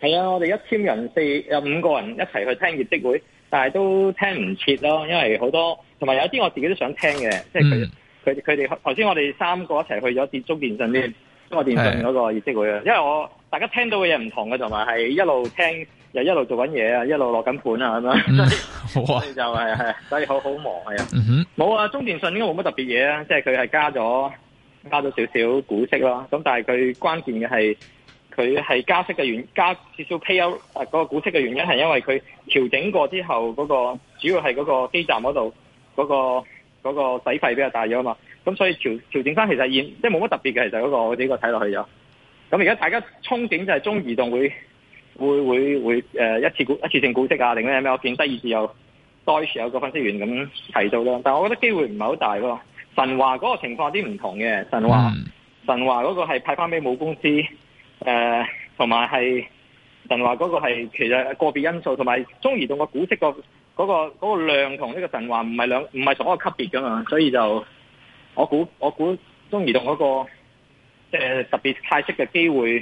係啊，我哋一千人四五個人一齊去聽業績會，但係都聽唔切咯，因為好多同埋有啲我自己都想聽嘅，即係佢佢哋頭先我哋三個一齊去咗跌中電信先，嗯、中國電信嗰個業績會啊，是因為我大家聽到嘅嘢唔同嘅，同埋係一路聽又一路做緊嘢啊，一路落緊盤啊咁樣，所以就係所以好好忙係啊，冇啊、嗯哼，中電信應該冇乜特別嘢啊，即係佢係加咗加咗少少股息咯，咁但係佢關鍵嘅係。佢係加息嘅原因，加少少 payout 嗰個股息嘅原因係因為佢調整過之後嗰、嗰個主要係嗰個基站嗰度嗰個嗰、嗰個洗費比較大咗嘛，咁所以調,調整返其實現即係冇乜特別嘅，其實嗰、嗰個我呢、呢個睇落去咗。咁而家大家憧憬就係中移動會會會會、呃、一次股、一次性股息啊，定呢，咩？我見第二節又再有,有個分析員咁提到啦，但係我覺得機會唔係好大喎。神華嗰個情況啲唔同嘅，神華、嗯、神華嗰個係派返俾母公司。誒，同埋係神話嗰個係其實個別因素，同埋中移動個股息，嗰個嗰、嗰個、嗰個量同呢個神話唔係兩唔係同一個級別噶嘛，所以就我估我估中移動嗰、嗰個即係、呃、特別派息嘅機會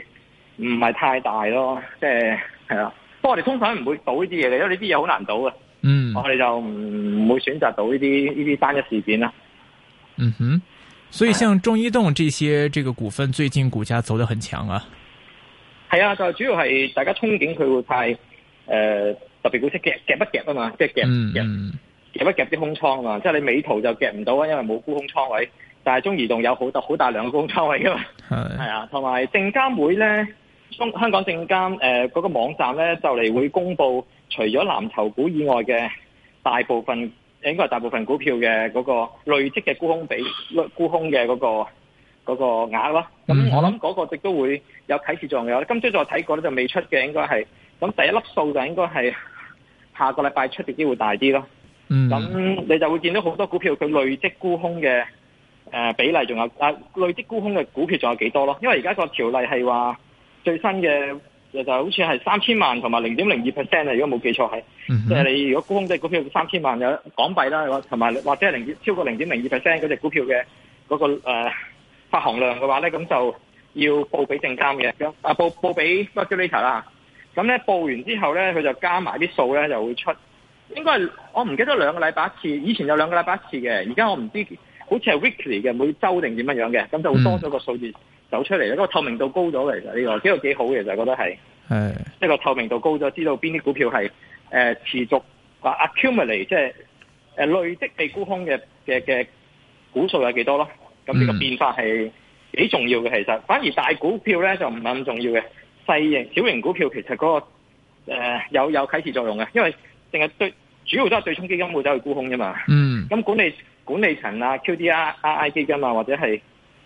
唔係太大咯，即係係啦。不過、啊、我哋通常唔會賭呢啲嘢嘅，因為呢啲嘢好難賭嘅。嗯，我哋就唔會選擇賭呢啲呢啲單一事件啦。嗯哼，所以像中移動這些這個股份最近股價走得很強啊。係啊，就主要係大家憧憬佢會派誒、呃、特別股息夾夾不夾啊嘛，即係夾夾夾不夾啲空倉啊，即係你美圖就夾唔到啊，因為冇沽空倉位，但係中移動有好大好大量嘅沽空倉位噶嘛，係是啊，同埋證監會咧香港證監誒嗰、呃、那個網站咧就嚟會公布除咗藍籌股以外嘅大部分，應該係大部分股票嘅嗰個累積嘅沽空比，沽沽空嘅嗰、那個。嗰個額咯，咁我諗嗰個值都會有啟示作用。有今朝再睇過咧，就未出嘅應該係，咁第一粒數就應該係下個禮拜出嘅機會大啲咯。嗯，咁你就會見到好多股票佢累積沽空嘅誒、呃、比例還有，仲有啊累積沽空嘅股票仲有幾多咯？因為而家個條例係話最新嘅就好似係三千萬同埋零點零二 percent 啊，如果冇記錯係，即係、嗯、哼你如果沽空啲股票三千萬有港幣啦，同埋或者係零超過零點零二 percent 嗰隻股票嘅嗰、那個、呃發行量嘅話咧，咁就要報俾證監嘅，咁啊報報俾 regulator 啦。咁咧報完之後咧，佢就加埋啲數咧，就會出。應該係我唔記得兩個禮拜一次，以前有兩個禮拜一次嘅，而家我唔知，好似係 weekly 嘅，每周定點樣嘅，咁就好多咗個數字走出嚟啦。因為透明度高咗嚟，其實呢個呢個幾好嘅，就覺得係係即係個透明度高咗是的，知道邊啲股票係、呃、持續啊、呃、accumulate 即係誒累積被沽空嘅嘅嘅股數有幾多咯。咁呢、嗯、個變化係幾重要嘅，其實反而大股票咧就唔係咁重要嘅，細型小型股票其實嗰、那個、呃、有有啟示作用嘅，因為淨係對主要都係對沖基金會走去沽空啫嘛。嗯。咁管理管理層啊、QDRI 基金啊，或者係誒、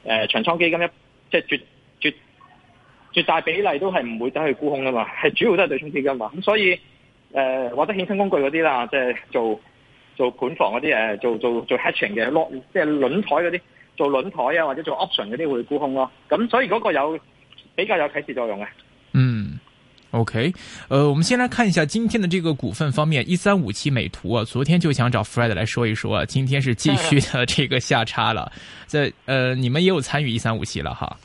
呃、長倉基金一即係絕絕絕大比例都係唔會走去沽空㗎嘛，係主要都係對沖基金嘛。咁所以誒、呃、或者衍生工具嗰啲啦，即、就、係、是、做做盤房嗰啲做做做 hatching 嘅 lock 即、就、係、是、輪台嗰啲。做輪胎啊，或者做 option 嗰啲會沽空咯、啊，咁所以嗰個有比較有啟示作用嘅。嗯，OK，誒、呃，我們先來看一下今天的這個股份方面，一三五七美圖啊，昨天就想找 Fred 來說一說、啊，今天是繼續的這個下差了。即誒、 呃，你們也有參與一三五七啦，哈？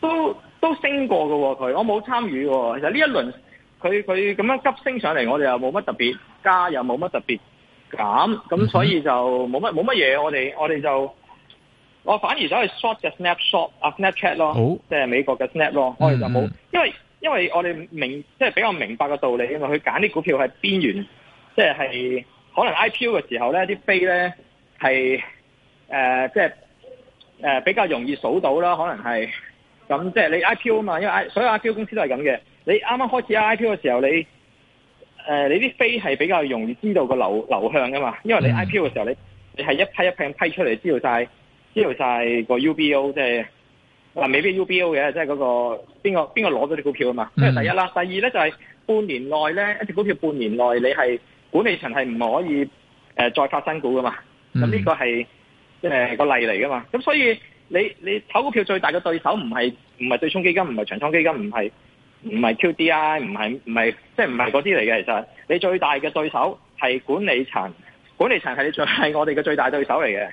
都都升過喎、哦，佢，我冇參與、哦。其實呢一輪佢佢咁樣急升上嚟，我哋又冇乜特別加，又冇乜特別減，咁所以就冇乜冇乜嘢，我哋我哋就。我反而走去 short 嘅 snapshot 啊，Snapchat 咯，好即係美國嘅 Snap 咯，我哋、嗯嗯、就冇，因為因為我哋明即係比較明白個道理，因為佢揀啲股票係邊緣，即係可能 IPO 嘅時候咧，啲飛咧係誒即係誒、呃、比較容易數到啦，可能係咁即係你 IPO 啊嘛，因為 I 所有 IPO 公司都係咁嘅，你啱啱開始 IPO 嘅時候你誒、呃、你啲飛係比較容易知道個流流向噶嘛，因為你 IPO 嘅時候你你係一批一批一批咁批出嚟，知道晒。知道晒個 UBO，即係嗱、啊，未必 UBO 嘅，即係嗰、那個邊個邊個攞咗啲股票啊嘛。即係、嗯、第一啦，第二咧就係、是、半年內咧，一隻股票半年內你係管理層係唔可以誒、呃、再發新股噶嘛。咁呢、嗯、個係誒、呃、個例嚟噶嘛。咁所以你你炒股票最大嘅對手唔係唔係對沖基金，唔係長倉基金，唔係唔係 QDII，唔係唔係即係唔係嗰啲嚟嘅。其實你最大嘅對手係管理層，管理層係係我哋嘅最大對手嚟嘅。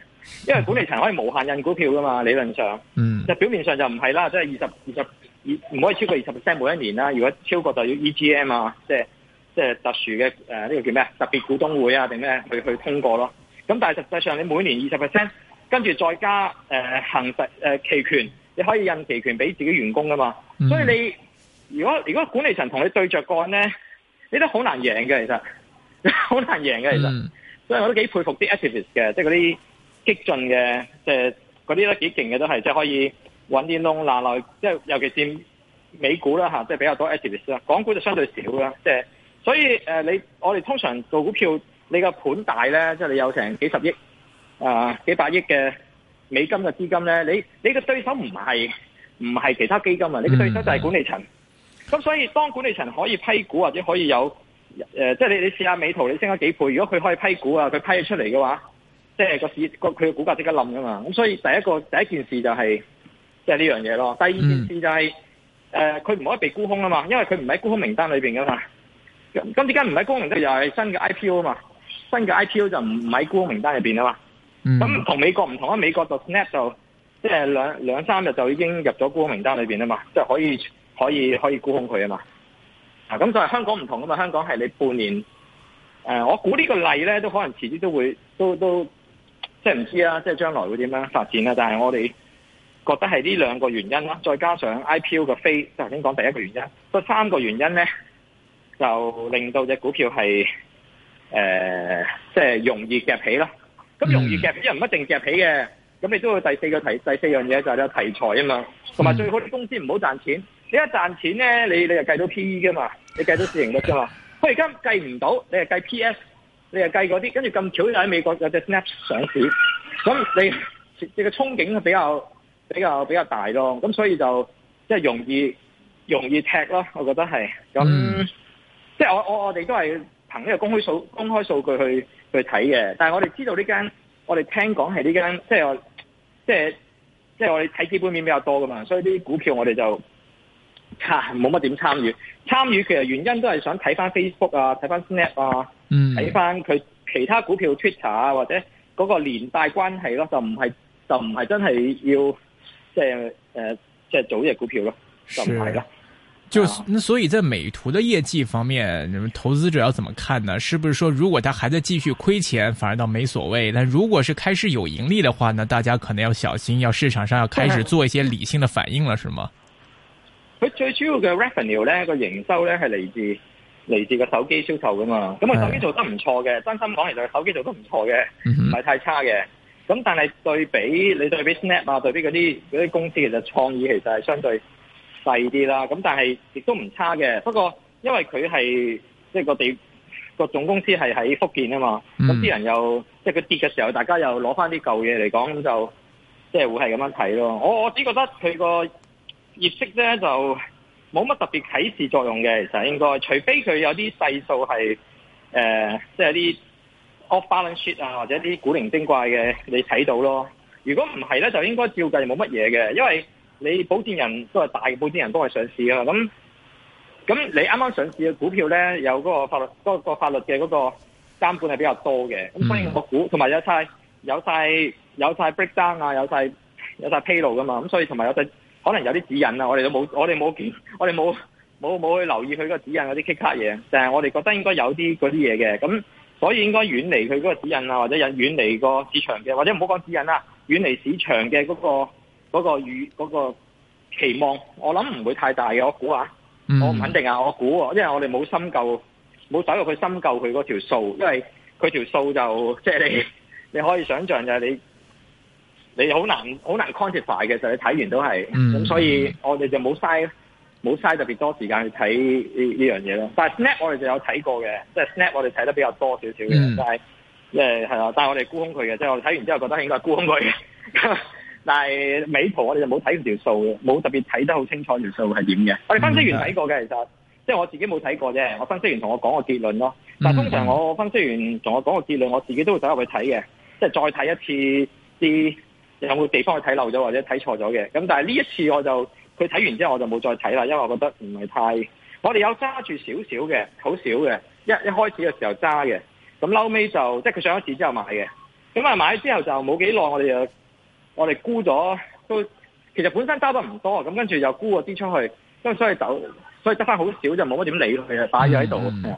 因為管理層可以無限印股票噶嘛，理論上，就、嗯、表面上就唔係啦，即係二十二十二唔可以超過二十 percent 每一年啦。如果超過就要 EGM 啊，即係即係特殊嘅誒呢個叫咩特別股東會啊定咩去去通過咯。咁但係實際上你每年二十 percent，跟住再加誒、呃、行實誒、呃、期權，你可以印期權俾自己員工噶嘛。嗯、所以你如果如果管理層同你對着幹咧，你都好難贏嘅，其實好難贏嘅，其實。其實嗯、所以我都幾佩服啲 activist 嘅，即係嗰啲。激進嘅即係嗰啲咧幾勁嘅都係、就是，即係可以搵啲窿嗱來，即尤其是美股啦、啊，即係比較多 activist 啦。港股就相對少啦，即、就、係、是、所以誒，你、呃、我哋通常做股票，你個盤大咧，即、就、係、是、你有成幾十億啊、呃、幾百億嘅美金嘅資金咧，你你嘅對手唔係唔係其他基金啊，你嘅對手就係管理層。咁、嗯、所以當管理層可以批股或者可以有誒，即、呃、係、就是、你你試下美圖，你升咗幾倍。如果佢可以批股啊，佢批出嚟嘅話。即係個市佢嘅股價即刻冧㗎嘛，咁所以第一個第一件事就係即係呢樣嘢咯。第二件事就係誒佢唔可以被沽空啊嘛，因為佢唔喺沽空名單裏面噶嘛。咁點解唔喺沽名單，又係新嘅 IPO 啊嘛，新嘅 IPO 就唔唔喺沽空名單裏面啊嘛。咁同、嗯、美國唔同啊，美國就 Snap 就即係、就是、兩，兩三日就已經入咗沽空名單裏面啊嘛，即係可以可以可以沽空佢啊嘛。啊咁就係香港唔同啊嘛，香港係你半年誒、呃，我估呢個例咧都可能遲啲都會都都。都即係唔知啦，即係將來會點樣發展啊？但係我哋覺得係呢兩個原因啦，再加上 IPO 嘅飛，即係頭先講第一個原因。咁三個原因咧，就令到隻股票係誒、呃，即係容易夾起咯。咁容易夾起又唔一定夾起嘅。咁你都要第四個題，第四樣嘢就係有題材啊嘛。同埋最好啲公司唔好賺錢。你一賺錢咧，你你又計到 P E 噶嘛？你計到市盈率啫嘛。佢而家計唔到，你係計 P S。你又計嗰啲，跟住咁巧又喺美國有隻 Snap 上市，咁你你嘅憧憬比較比較比較大咯，咁所以就即係、即係、容易容易踢咯，我覺得係，咁、mm. 即係我我我哋都係憑呢個公開數公開數據去去睇嘅，但係我哋知道呢間，我哋聽講係呢間，即係即即係我哋睇基本面比較多噶嘛，所以啲股票我哋就。冇乜點參與，參與其實原因都係想睇翻 Facebook 啊，睇翻 Snap 啊，睇翻佢其他股票 Twitter 啊，或者嗰個連帶關係咯，就唔係就唔係真係要即係誒即係做呢隻股票咯，是就唔係咯。就、呃、所以，在美圖的業績方面，投資者要怎麼看呢？是不是說如果他還在繼續虧錢，反而倒沒所謂？但如果是開始有盈利的話，呢大家可能要小心，要市場上要開始做一些理性的反應了，是，是嗎？佢最主要嘅 revenue 咧，個營收咧係嚟自嚟自個手機銷售噶嘛。咁個手機做得唔錯嘅，哎、呀真心講，其實手機做得唔錯嘅，唔係、嗯、哼太差嘅。咁但係對比你對比 Snap 啊，對比嗰啲嗰啲公司，其實創意其實係相對細啲啦。咁但係亦都唔差嘅。不過因為佢係即係個地個總公司係喺福建啊嘛，咁啲、嗯、人又即係佢跌嘅時候，大家又攞翻啲舊嘢嚟講，咁就即係會係咁樣睇咯。我我只覺得佢個業績咧就冇乜特別啟示作用嘅，其實應該，除非佢有啲細數係誒、呃，即係啲 off balance sheet 啊，或者啲古靈精怪嘅你睇到咯。如果唔係咧，就應該照計冇乜嘢嘅，因為你保險人都係大嘅保險人都係上市噶嘛。咁咁你啱啱上市嘅股票咧，有嗰個法律、嗰個、法律嘅嗰個監管係比較多嘅。咁所以個股同埋有晒有晒有曬 breakdown 啊，有晒有曬披露噶嘛。咁所以同埋有晒。可能有啲指引啊，我哋都冇，我哋冇見，我哋冇冇冇去留意佢個指引嗰啲 K 卡嘢，就係、是、我哋覺得應該有啲嗰啲嘢嘅，咁所以應該遠離佢嗰個指引啊，或者遠離個市場嘅，或者唔好講指引啦，遠離市場嘅嗰、那個嗰、那個嗰、那個那個期望，我諗唔會太大嘅，我估下，、嗯、下，我唔肯定啊，我估，因為我哋冇深究，冇走入去深究佢嗰條數，因為佢條數就即係、就是、你，你可以想象就係你。你好難好難 quantify 嘅，就你睇完都係咁，嗯、所以我哋就冇嘥冇嘥特別多時間去睇呢呢樣嘢咯。但係 Snap 我哋就有睇過嘅，即、就、係、是、Snap 我哋睇得比較多少少嘅，但係即係係啊！但、就、係、是、我哋沽空佢嘅，即係我哋睇完之後覺得應該係沽空佢嘅。 但係美圖我哋就冇睇條數，冇特別睇得好清楚條數係點嘅。嗯、我哋分析員睇過嘅，其實即係、就是、我自己冇睇過啫。我分析員同我講個結論咯。但係通常我分析員同我講個結論，嗯、我自己都會走入去睇嘅，即、就、係、是、再睇一次啲。有冇地方去睇漏咗或者睇錯咗嘅？咁但係呢一次我就佢睇完之後我就冇再睇啦，因為我覺得唔係太我哋有揸住少少嘅，好少嘅，一一開始嘅時候揸嘅，咁撈尾就即係佢上咗市之後買嘅，咁啊買咗之後就冇幾耐，我哋就我哋沽咗都其實本身揸得唔多，咁跟住又沽咗啲出去，跟住所以走所以得翻好少，就冇乜點理佢啊，擺咗喺度。嗯嗯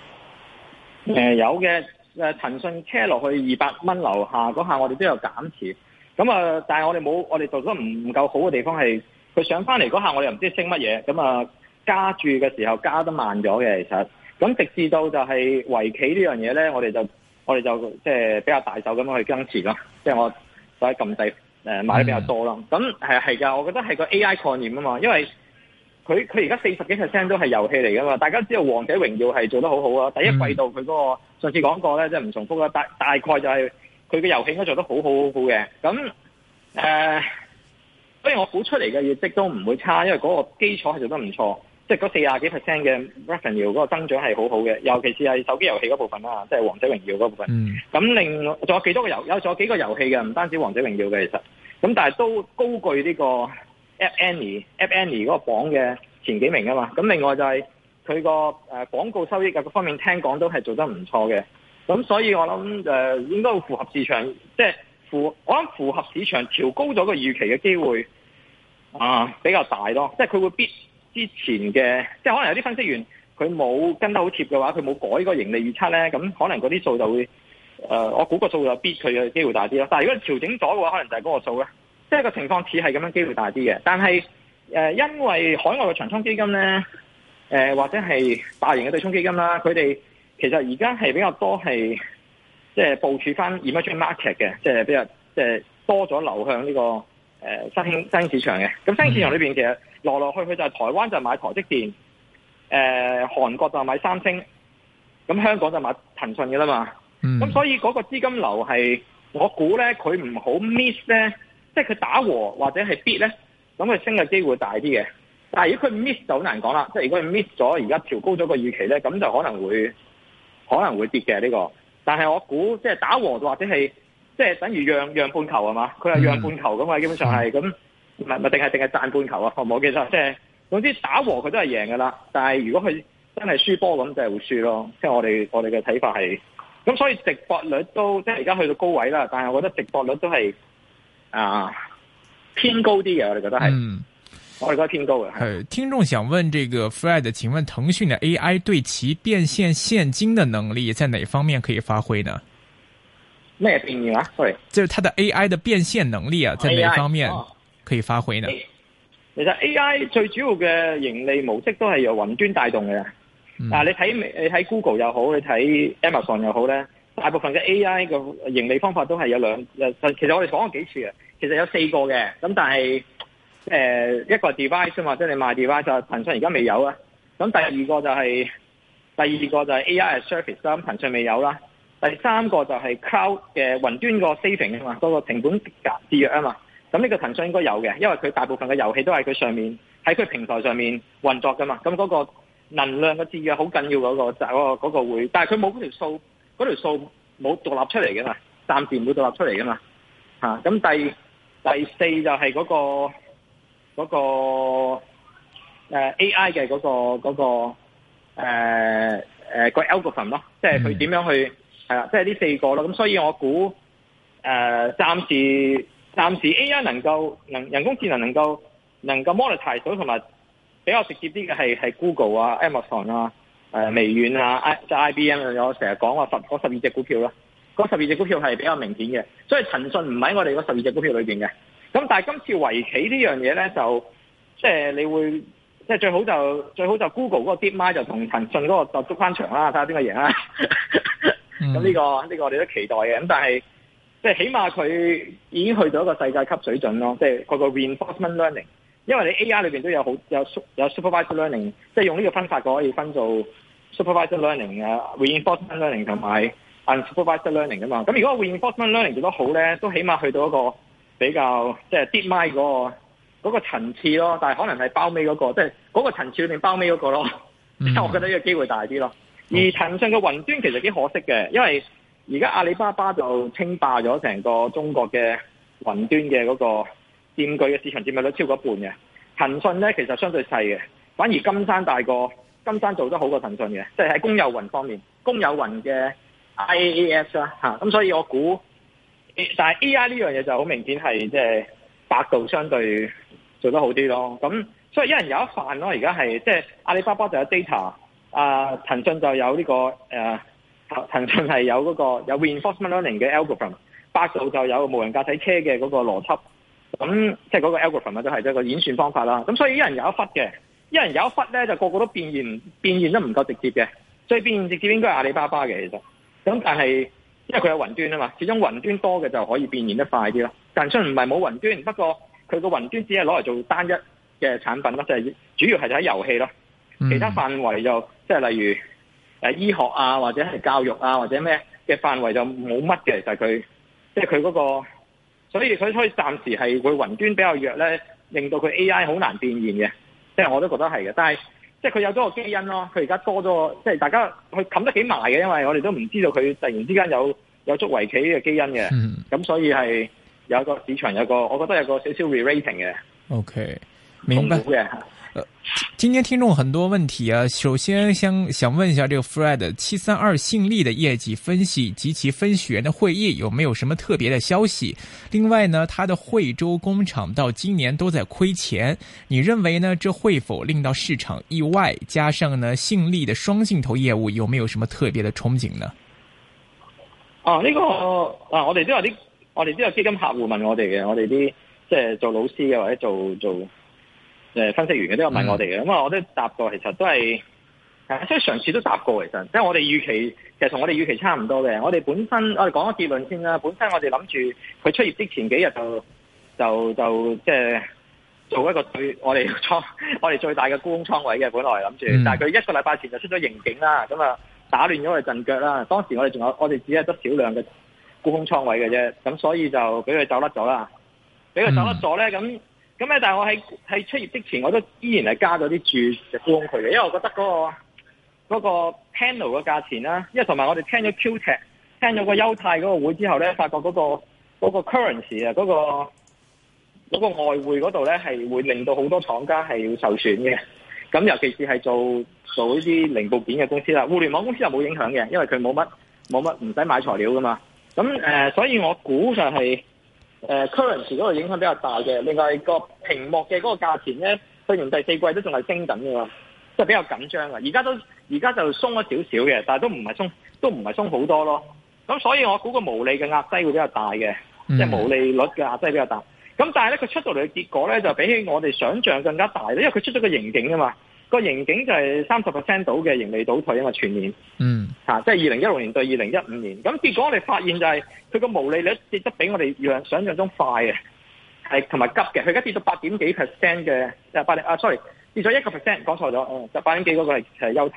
誒、嗯呃，有嘅，誒、呃，騰訊車落去二百蚊樓下嗰下，我哋都有減持，咁啊，但係我哋冇，我哋做咗唔夠夠好嘅地方係，佢上翻嚟嗰下，我哋又唔知升乜嘢，咁啊，加住嘅時候加得慢咗嘅，其實，咁直至到就係圍棋呢樣嘢咧，我哋就我哋就即係比較大手咁樣去增持咯，即係我使撳掣誒買得比較多啦，咁係係噶，我覺得係個 AI 概念啊嘛，因為。佢佢而家四十幾 percent 都係遊戲嚟噶嘛？大家知道《王者榮耀》係做得好好啊！第一季度佢嗰個上次講過咧，即係唔重複啦。大大概就係佢嘅遊戲咧做得好好好嘅。咁誒、呃，所以我估出嚟嘅業績都唔會差，因為嗰個基礎係做得唔錯。即係嗰四廿幾 percent 嘅 revenue 嗰個增長係好好嘅，尤其是係手機遊戲嗰部分啦，即係《王者榮耀》嗰部分。咁另外仲有幾多個遊戲有仲有幾個遊戲嘅，唔單止《王者榮耀》嘅，其實咁但係都高具呢、呢個。App Annie、App Annie 嗰個榜嘅前幾名啊嘛，咁另外就係佢個誒廣告收益啊，各方面聽講都係做得唔錯嘅，咁所以我諗誒、呃、應該會符合市場，即係符我諗符合市場調高咗個預期嘅機會啊比較大咯，即係佢會必之前嘅，即係可能有啲分析員佢冇跟得好貼嘅話，佢冇改個盈利預測咧，咁可能嗰啲數就會誒、呃、我估個數就會必佢嘅機會大啲咯，但係如果調整咗嘅話，可能就係嗰個數咧。即係個情況似係咁樣機會大啲嘅，但係誒、呃，因為海外嘅長倉基金咧，誒、呃、或者係大型嘅對沖基金啦，佢哋其實而家係比較多係即係部署翻 emerging market 嘅，即係比較即係多咗流向呢、這個誒、呃、新興新市場嘅。咁新市場呢邊其實來來去去就係台灣就買台積電，誒、呃、韓國就買三星，咁香港就買騰訊嘅啦嘛。咁、嗯、所以嗰個資金流係我估咧，佢唔好 miss 咧。即係佢打和或者係 beat 呢，咧，咁佢升嘅機會會大啲嘅。但係如果佢 miss 就好難講啦。即係如果佢 miss 咗，而家調高咗個預期咧，咁就可能會可能會跌嘅呢、呢個。但係我估即係打和或者係即係等於讓讓半球係嘛？佢係讓半球嘅嘛，基本上係咁，唔係定係定係賺半球啊？冇記實即、就、係、是、總之打和佢都係贏㗎啦。但係如果佢真係輸波咁，就係會輸咯。即係我哋我哋嘅睇法係咁，所以值博率都即係而家去到高位啦。但係我覺得值博率都係。啊，偏高啲嘅我哋覺得係，嗯、我哋覺得偏高嘅。誒，聽眾想問這個 Fred，請問騰訊的 AI 對其變現現金的能力在哪方面可以發揮呢？咩嘢變現啊？Sorry，即係它的 AI 的變現能力啊，在哪方面可以發揮呢？AI，哦、哎、其實 AI 最主要嘅盈利模式都係由雲端帶動嘅。但、嗯啊、你睇你睇 Google 又好，你睇 Amazon 又好咧。大部分嘅 AI 嘅盈利方法都係有兩，其實我哋講過幾次嘅，其實有四個嘅。咁但係誒、呃、一個 device 啊嘛，即係賣 device 就係，騰訊而家未有啊。咁第二個就係、係、第二個就係 AI 嘅 service 啊，騰訊未有啦。第三個就係 cloud 嘅雲端個 saving，那個 saving 啊嘛，嗰個成本節約啊嘛。咁呢個騰訊應該有嘅，因為佢大部分嘅遊戲都喺佢上面，喺佢平台上面運作噶嘛。咁嗰個能量嘅節約好緊要嗰、嗰個嗰個嗰個會，但係佢冇嗰條數。嗰條數冇獨立出嚟嘅嘛，暫時唔會獨立出嚟嘅嘛，嚇、啊、咁第第四就係嗰、那個嗰、那個呃、AI 嘅嗰、那個嗰、那個誒個、呃呃、algorithm 咯、啊，即係佢點樣去係啦，即係呢四個咯，咁、啊、所以我估誒、呃、暫時暫時 AI 能夠能人工智能能夠能夠 monetise 到同埋比較直接啲嘅係係 Google 啊、Amazon 啊。誒微軟啊，I I B M 啊，IBM，我成日講話十嗰十二隻股票啦。嗰十二隻股票係比較明顯嘅，所以騰訊唔喺我哋嗰十二隻股票裏面嘅，咁但係今次圍棋呢樣嘢咧，就即係你會，即係最好就最好就 Google 嗰個 DeepMind 就同騰訊嗰個鬥足翻場啦，睇下邊個贏啊？咁呢、 呢個呢、呢個我哋都期待嘅，咁但係即係起碼佢已經去到了一個世界級水準咯，即係個個 reinforcement learning，因為你 A I 裏面都有好有 sup 有 supervised learning，即係用呢個分法可以分做。supervised learning 啊，reinforcement learning 同埋 unsupervised learning 嘛，咁如果 reinforcement learning 做得好咧，都起碼去到一個比較即係 DeepMind 嗰、嗰個嗰個層次咯，但係可能係包尾嗰個，即係嗰個層次裏面包尾嗰個咯，所以、mm hmm. 我覺得呢個機會大啲咯。Mm hmm. 而騰訊嘅雲端其實幾可惜嘅，因為而家阿里巴巴就稱霸咗成個中國嘅雲端嘅嗰個佔據嘅市場佔有率超過一半嘅，騰訊咧其實相對細嘅，反而金山大過。金山做得好過騰訊嘅，即係喺公有雲方面，公有雲嘅 IAAS 啦嚇，咁所以我估，但係 AI 呢樣嘢就好明顯係即係百度相對做得好啲咯。咁所以一人有一忽咯，而家係即係阿里巴巴就有 data，啊騰訊就有呢、呢個誒、啊、騰訊係有嗰個有 reinforcement learning 嘅 algorithm，百度就有無人駕駛車嘅嗰個邏輯，咁即係嗰個 algorithm 咧都係一個演算方法啦。咁所以一人有一忽嘅。一人有一忽咧，就個個都變現，變現得唔夠直接嘅，所以變現直接應該係阿里巴巴嘅其實。咁但係因為佢有雲端啊嘛，始終雲端多嘅就可以變現得快啲咯。但雖然唔係冇雲端，不過佢個雲端只係攞嚟做單一嘅產品咯，即係主要係喺遊戲咯。其他範圍就即係例如醫學啊，或者係教育啊，或者咩嘅範圍就冇乜嘅，就佢即係佢嗰個，所以所以暫時係會雲端比較弱咧，令到佢 AI 好難變現嘅。即係我都覺得係嘅，但係即係佢有咗個基因咯，佢而家多咗個，即係大家佢冚得幾埋嘅，因為我哋都唔知道佢突然之間有有捉圍棋嘅基因嘅，咁、嗯、所以係有個個市場有個，我覺得有個少少 re-rating 嘅，OK，明白嘅。今天聽眾很多問題啊，首先想想問一下，這個 Fred 七三二信利的業績分析及其分析員的會議有沒有什麼特別的消息？另外呢，他的惠州工廠到今年都在虧錢，你認為呢，這會否令到市場意外？加上呢，信利的雙鏡頭業務有沒有什麼特別的憧憬呢？啊，呢、呢個啊，我哋都有啲，我哋都有基金客戶問我哋嘅，我哋啲即係做老師嘅或者做做。誒，分析員嘅都有問我哋嘅，咁啊、mm. 嗯，我都答過，其實都係，係啊，即係上次都答過，其實即係我哋預期，其實同我哋預期差唔多嘅。我哋本身，我哋講個結論先啦。本身我哋諗住佢出業之前幾日就就就即係做一個最我哋倉 我哋最大嘅沽空倉位嘅，本來諗住，mm. 但係佢一個禮拜前就出咗盈警啦，咁啊打亂咗我哋陣腳啦。當時我哋仲有我哋只係得少量嘅沽空倉位嘅啫，咁所以就俾佢走甩咗啦，俾佢走甩咗咧，咁。咁咧，但係我喺喺出業之前，我都依然係加咗啲注石方佢嘅，因為我覺得嗰、嗰個、嗰個、panel 嘅價錢啦，因為同埋我哋聽咗 Q 劇，聽咗個猶泰嗰個會之後咧，發覺嗰、嗰個嗰個 currency 啊、嗰個，嗰、嗰個外匯嗰度咧係會令到好多廠家係要受損嘅。咁尤其是係做做呢啲零部件嘅公司啦，互聯網公司又冇影響嘅，因為佢冇乜冇乜唔使買材料噶嘛。咁誒、呃，所以我估上係。誒、uh, currency 嗰度影響比較大嘅，另外個屏幕嘅嗰個價錢咧，去年第四季都仲係升緊嘛，即係比較緊張嘅。而家都而家就鬆咗少少嘅，但係都唔係鬆，都唔係鬆好多咯。咁所以我估個毛利嘅壓低會比較大嘅，mm. 即係毛利率嘅壓低比較大。咁但係咧，佢出到嚟嘅結果咧，就比起我哋想象更加大，因為佢出咗個刑警啊嘛。個刑警就係三十 percent 到嘅，盈利倒退啊嘛，因為全年。嗯。即係二零一六年對二零一五年，咁結果我哋發現就係佢個毛利率跌得比我哋想象像中快嘅，係同埋急嘅。佢而家跌到八點幾 percent 嘅，就八點啊，sorry，跌咗一個 percent，講錯咗，就、嗯、八點幾嗰個係係優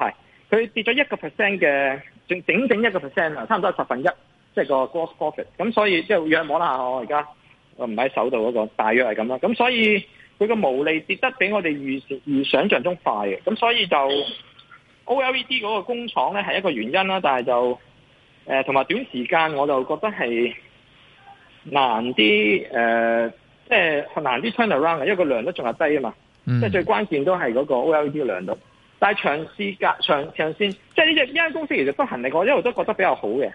佢跌咗一個 percent 嘅，整整整一個 percent 啊，差唔多十分一，即係個 gross profit。咁所以即係我望啦，我而家我唔喺手度嗰、那個，大約係咁啦。咁所以。佢個毛利跌得比我哋預預想象中快嘅，咁所以就 OLED 嗰個工廠咧係一個原因啦，但係就誒同埋短時間我就覺得係難啲誒，即、呃、係、呃、難啲 turn around 啊，因為個量都仲係低啊嘛，即係、嗯、最關鍵都係嗰個 OLED 嘅量度。但係長視隔長長線，即係呢隻呢間公司其實執行力我一路都覺得比較好嘅，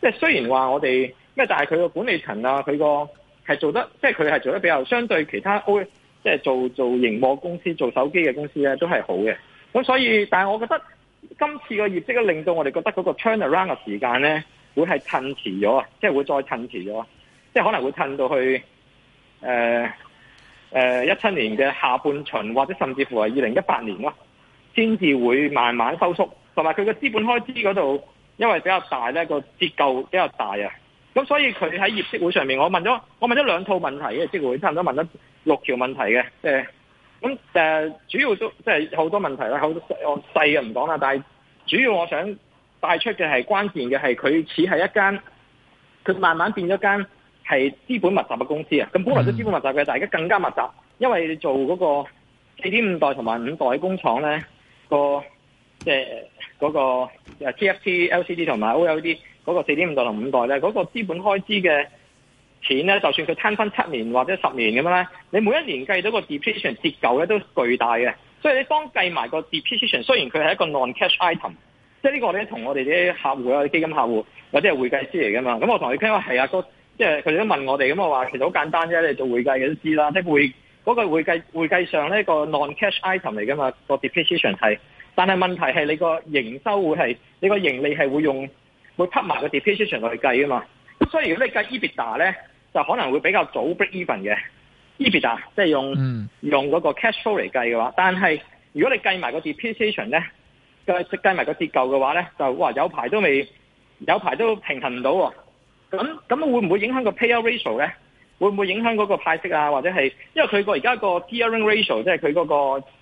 即、就、係、是、雖然話我哋咩，但係佢個管理層啊，佢個係做得即係佢係做得比較相對其他 O。即係做做熒幕公司、做手機嘅公司咧，都係好嘅。咁所以，但係我覺得今次個業績咧，令到我哋覺得嗰個 turnaround 嘅時間咧，會係褪遲咗啊！即係會再褪遲咗，即係可能會褪到去誒誒一七年嘅下半旬，或者甚至乎係二零一八年咯，先至會慢慢收縮。同埋佢嘅資本開支嗰度，因為比較大咧，個折舊比較大啊。咁所以佢喺業績會上面，我問咗我問咗兩套問題嘅，即係會差唔多問得。六條問題嘅，誒、呃，咁誒、呃、主要都即係好多問題啦，好多我細嘅唔講啦，但係主要我想帶出嘅係關鍵嘅係佢似係一間，佢慢慢變咗間係資本密集嘅公司啊，咁本來都資本密集嘅，但係而家更加密集，因為做嗰個四點五代同埋五代嘅工廠咧，嗰個呃嗰個即係嗰個 TFT、LCD 同埋 OLED 嗰個四點五代同五代咧，嗰個資本開支嘅。錢咧，就算佢攤分七年或者十年咁樣咧，你每一年計到個 depreciation 折舊咧都巨大嘅。所以你當計埋個 depreciation，雖然佢係一個 non-cash item，即係呢個我哋同我哋啲客戶啊、基金客戶或者係會計師嚟噶嘛。咁我同佢傾話係啊哥，即係佢哋都問我哋咁，我話其實好簡單啫，你做會計嘅都知啦，即係會嗰個會計會計上呢個 non-cash item 嚟噶嘛，個 depreciation 係。但係問題係你個營收會係你個盈利係會用會批埋個 depreciation 去計啊嘛。咁所以如果你計 EBITDA 咧，就可能會比較早 break even 嘅 EBIT 即係用、嗯、用嗰個 cash flow 嚟計嘅話，但係如果你計埋個 depreciation 咧，計計埋個折舊嘅話咧，就，是、話呢就哇有排都未，有排都平衡唔到、哦。咁咁會唔會影響個 payout ratio 咧？會唔會影響嗰個派息啊？或者係因為佢個而家個 gearing ratio，即係佢嗰個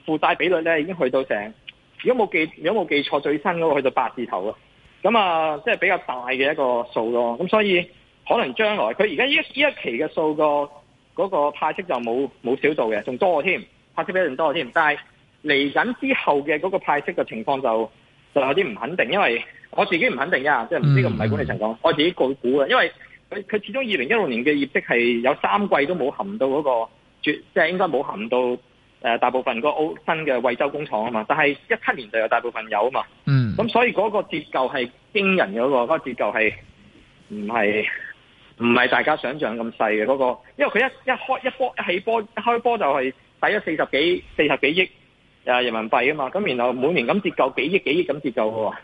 負債比率咧，已經去到成，如果冇記，如果冇記錯最新嘅話，去到八字頭啊。咁啊，即係比較大嘅一個數咯。咁所以。可能將來佢而家呢一一期嘅數個嗰、那個派息就冇冇少到嘅，仲多添，派息比一定多添。但係嚟緊之後嘅嗰個派息嘅情況就就有啲唔肯定，因為我自己唔肯定呀，即、就、係、是、知個唔係管理情況，mm hmm. 我自己據估嘅，因為佢佢始終二零一六年嘅業績係有三季都冇含到嗰、那個，即、就、係、是、應該冇含到、呃、大部分個新嘅惠州工廠啊嘛。但係一七年就有大部分有啊嘛。嗯、mm，咁、hmm. 所以嗰個結構係驚人嘅嗰、那個，嗰、那個、結構係唔係？唔係大家想像咁細嘅嗰個，因為佢一一開一波一起波一開波就係抵咗四十幾四十幾億誒人民幣啊嘛，咁然後每年咁折舊幾億幾億咁折舊嘅喎，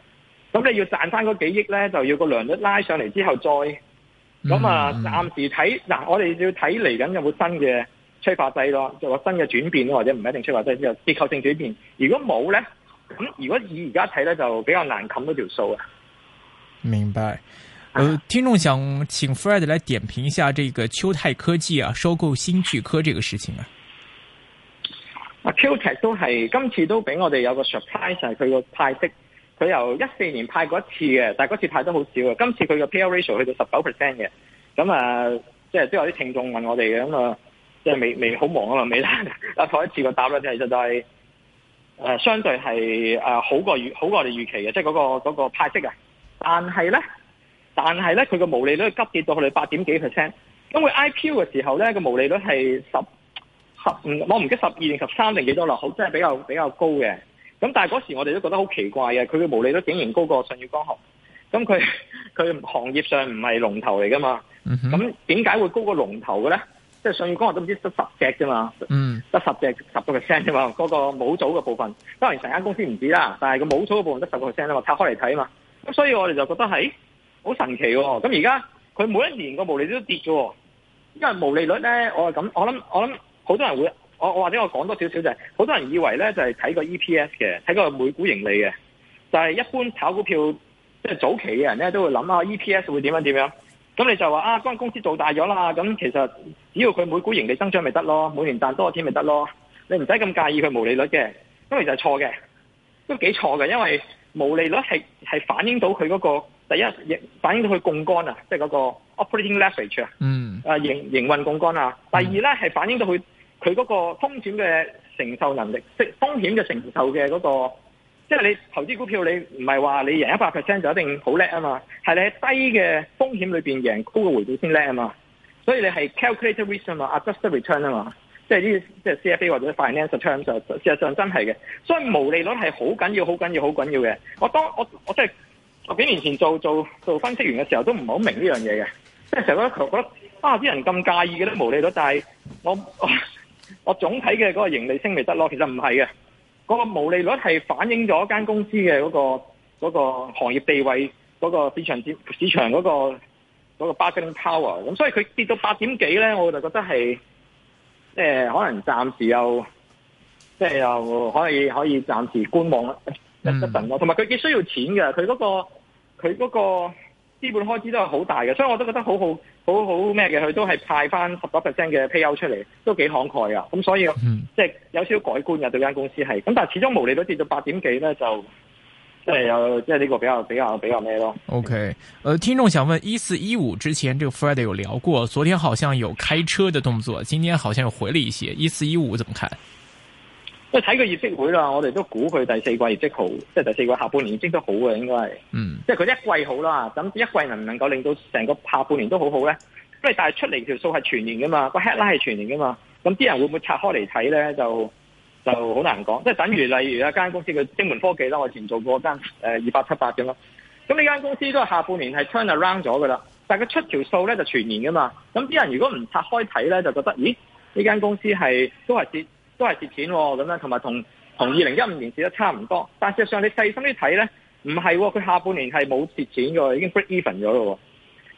咁你要賺翻嗰幾億咧，就要個量率拉上嚟之後再咁啊，嗯、暫時睇嗱，我哋要睇嚟緊有冇新嘅催化劑咯，就話新嘅轉變或者唔一定催化劑，就是劑就是、結構性轉變。如果冇咧，咁如果以而家睇咧，就比較難冚到條數啊。明白。呃，聽眾想請 Fred 來點評一下這個秋泰科技啊，收購新巨科這個事情啊。啊，秋泰都係今次都俾我哋有一個 surprise 係佢個派息，佢由一四年派過一次嘅，但係嗰次派得好少啊。今次佢個 Payout Ratio 去到十九 percent 嘅。咁啊，即係都有啲聽眾問我哋嘅，咁、嗯、啊，即係未未好忙啊嘛，未啊，再一次個答咧，其實就係、是、誒、呃、相對係誒、呃、好過好過我哋預期嘅，即係嗰個、那個那個派息啊。但係咧。但係咧，佢嘅毛利率急跌到去嚟八點幾 percent。咁佢 IPO 嘅時候咧，個毛利率係十十，我唔記得十二定十三定幾多咯，好真係比較比較高嘅。咁但係嗰時我哋都覺得好奇怪嘅，佢嘅毛利率竟然高過舜宇光學。咁佢佢行業上唔係龍頭嚟噶嘛？咁點解會高過龍頭嘅咧？即係舜宇光學都唔知得十隻啫嘛，嗯、mm，得、hmm. 十隻十個 percent 啫嘛，嗰個模組嘅部分當然成間公司唔止啦，但係個模組嘅部分得十個 percent 啦，拆開嚟睇啊嘛。咁所以我哋就覺得係。好神奇喎、哦！咁而家佢每一年個毛利率都跌喎、哦。因為毛利率咧，我係咁，我諗我諗好多人會，我我或者我講多少少就係、是，好多人以為咧就係睇個 EPS 嘅，睇個每股盈利嘅，就係、是、一般炒股票即係、就是、早期嘅人咧都會諗下，EPS 會點樣點樣？咁你就話啊，當、那個、公司做大咗啦，咁其實只要佢每股盈利增長咪得咯，每年賺多啲咪得咯，你唔使咁介意佢毛利率嘅，咁其實就係錯嘅，都幾錯嘅，因為毛利率係係反映到佢嗰、那個。第一，反映到佢槓桿啊，即係嗰個 operating leverage 啊，誒營運槓桿啊。第二咧，係反映到佢佢嗰個風險嘅承受能力，即係風險嘅承受嘅嗰個，即係你投資股票，你唔係話你贏一百 percent 就一定好叻啊嘛，係你喺低嘅風險裏面贏高嘅回報先叻啊嘛。所以你係 calculated return 啊，adjusted return 啊嘛，即係呢，即係 CFA 或者 finance terms 上，事實上真係嘅。所以毛利率係好緊要，好緊要，好緊要嘅。我當我我真係。我幾年前做做做分析員嘅時候都唔係好明呢樣嘢嘅，即係成日覺得覺得啊啲人咁介意嘅啲毛利率，但係我我我總體嘅嗰個盈利升咪得咯，其實唔係嘅，嗰個毛利率係反映咗間公司嘅嗰個嗰個行業地位嗰個市場市市場嗰個嗰個 bargaining power，咁、嗯、所以佢跌到八點幾咧，我就覺得係即係可能暫時又即係又可以可以暫時觀望一陣咯，同埋佢幾需要錢嘅，佢嗰個。佢嗰個資本開支都係好大嘅，所以我都覺得好好好好咩嘅，佢都係派翻十多 percent 嘅 pay out 出嚟，都幾慷慨噶。咁所以即係有少少改觀嘅對間公司係。咁、嗯嗯、但係始終毛利都跌到八點幾咧，就即係有即係呢個比較比較比較咩咯。OK，呃，聽眾想問一四一五之前，這個 Fred 有聊過，昨天好像有開車的動作，今天好像又回了一些一四一五，怎麼看？即係睇佢業績會啦，我哋都估佢第四季業績好，即係第四季下半年業績都好嘅，應該係。嗯。即係佢一季好啦，咁一季能唔能夠令到成個下半年都好好咧？因為但係出嚟條數係全年㗎嘛，個 headline 係全年㗎嘛，咁啲人會唔會拆開嚟睇咧？就就好難講。即係等於例如一間公司嘅晶門科技啦，我以前做過間，誒二百七八咁咯。咁呢間公司都係下半年係 turn around 咗噶啦，但係佢出條數咧就全年㗎嘛。咁啲人如果唔拆開睇咧，就覺得咦呢間公司係都係跌。都係蝕錢喎、哦，咁樣同埋同同二零一五年蝕得差唔多。但係事實上你細心啲睇咧，唔係喎，佢下半年係冇蝕錢嘅，已經 break even 咗咯、哦。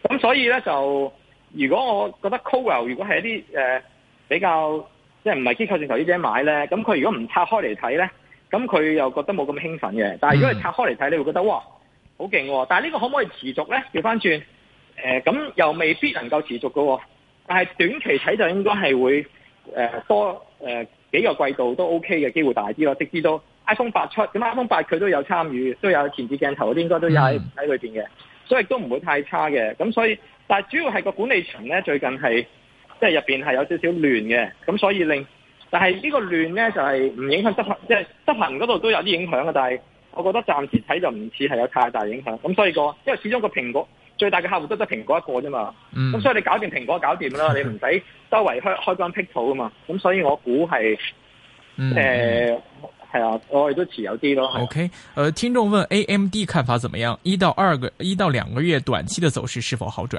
咁所以咧就，如果我覺得 Coral 如果係一啲誒、呃、比較即係唔係機構性投資者買咧，咁佢如果唔拆開嚟睇咧，咁佢又覺得冇咁興奮嘅。但係如果係拆開嚟睇，你會覺得哇好勁喎。但係呢個可唔可以持續咧？調翻轉咁又未必能夠持續嘅、哦。但係短期睇就應該係會、呃、多、呃幾個季度都 OK 嘅機會大啲咯，直至到 iPhone 八出，咁 iPhone 八佢都有參與，都有前置鏡頭嗰啲應該都有喺喺裏邊嘅，所以都唔會太差嘅。咁所以，但係主要係個管理層咧最近係即係入邊係有少少亂嘅，咁所以令，但係呢個亂咧就係、是、唔影響執行，即係執行嗰度都有啲影響嘅。但係我覺得暫時睇就唔似係有太大影響，咁所以個因為始終個蘋果。最大嘅客戶都得蘋果一個啫嘛，咁、嗯、所以你搞掂蘋果，搞掂啦，你唔使周圍開開間 Picasso 㗎嘛，咁所以我估係誒係啊，我哋都持有啲咯。O、okay, K，呃，聽眾問 A M D 看法怎麼樣？一到二個一到兩個月短期嘅走勢是否好轉、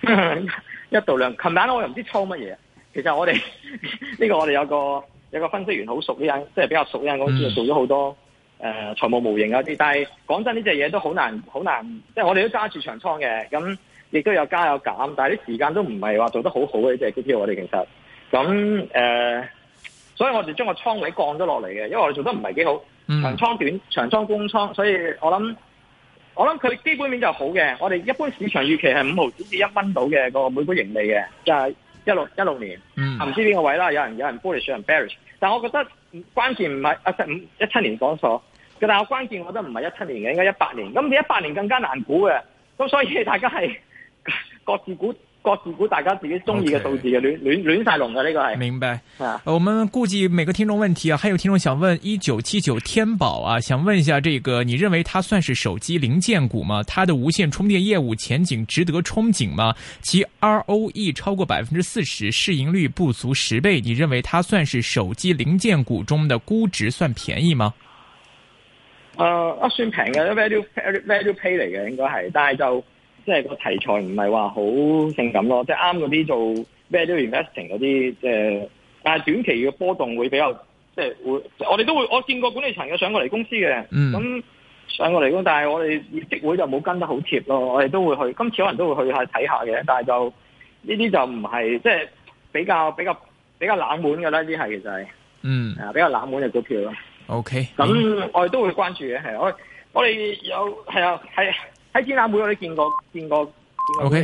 嗯？一到兩，琴晚我又唔知操乜嘢，其實我哋呢、這個我哋有個有個分析員好熟呢間，即係比較熟呢間公司，做咗好多。嗯誒、呃、財務模型嗰啲，但係講真呢隻嘢都好難，好難，即係我哋都揸住長倉嘅，咁亦都有加有減，但係啲時間都唔係話做得好好嘅呢隻股票，這個、我哋其實咁誒、呃，所以我哋將個倉位降咗落嚟嘅，因為我哋做得唔係幾好，長倉短，hmm. 長倉公倉，所以我諗我諗佢基本面就好嘅，我哋一般市場預期係五毫紙至一蚊到嘅個每股盈利嘅，就係一六一六年，唔、mm hmm. 知邊個位啦，有人有人 bullish，有人 bearish，但係我覺得關鍵唔係一五一七年講錯。但關鍵我關鍵，我覺得唔係一七年嘅，應該一八年。咁你一八年更加難估嘅，咁所以大家係各自估，各自估，大家自己中意嘅數字嘅，亂亂亂晒龍嘅呢個係。明白。啊，我們估計每個聽眾問題啊，還有聽眾想問一九七九天寶啊，想問一下，這個你認為它算是手機零件股嗎？它的無線充電業務前景值得憧憬嗎？其 ROE 超過百分之四十，市盈率不足十倍，你認為它算是手機零件股中的估值算便宜嗎？誒，啊、呃、算平嘅，value value pay 嚟嘅應該係，但係就即係個題材唔係話好性感咯，即係啱嗰啲做 value investing 嗰啲，即係，但係短期嘅波動會比較，即係會，我哋都會，我見過管理層有上過嚟公司嘅，咁、嗯、上過嚟公司，但係我哋業績會就冇跟得好貼咯，我哋都會去，今次可能都會去下睇下嘅，但係就呢啲就唔係即係比較比較比較冷門嘅啦，呢啲係其實係，嗯，比較冷門嘅股票咯。OK，咁我哋都會關注嘅，係我哋，我哋有係啊，喺喺展覽會我都見過見過。OK。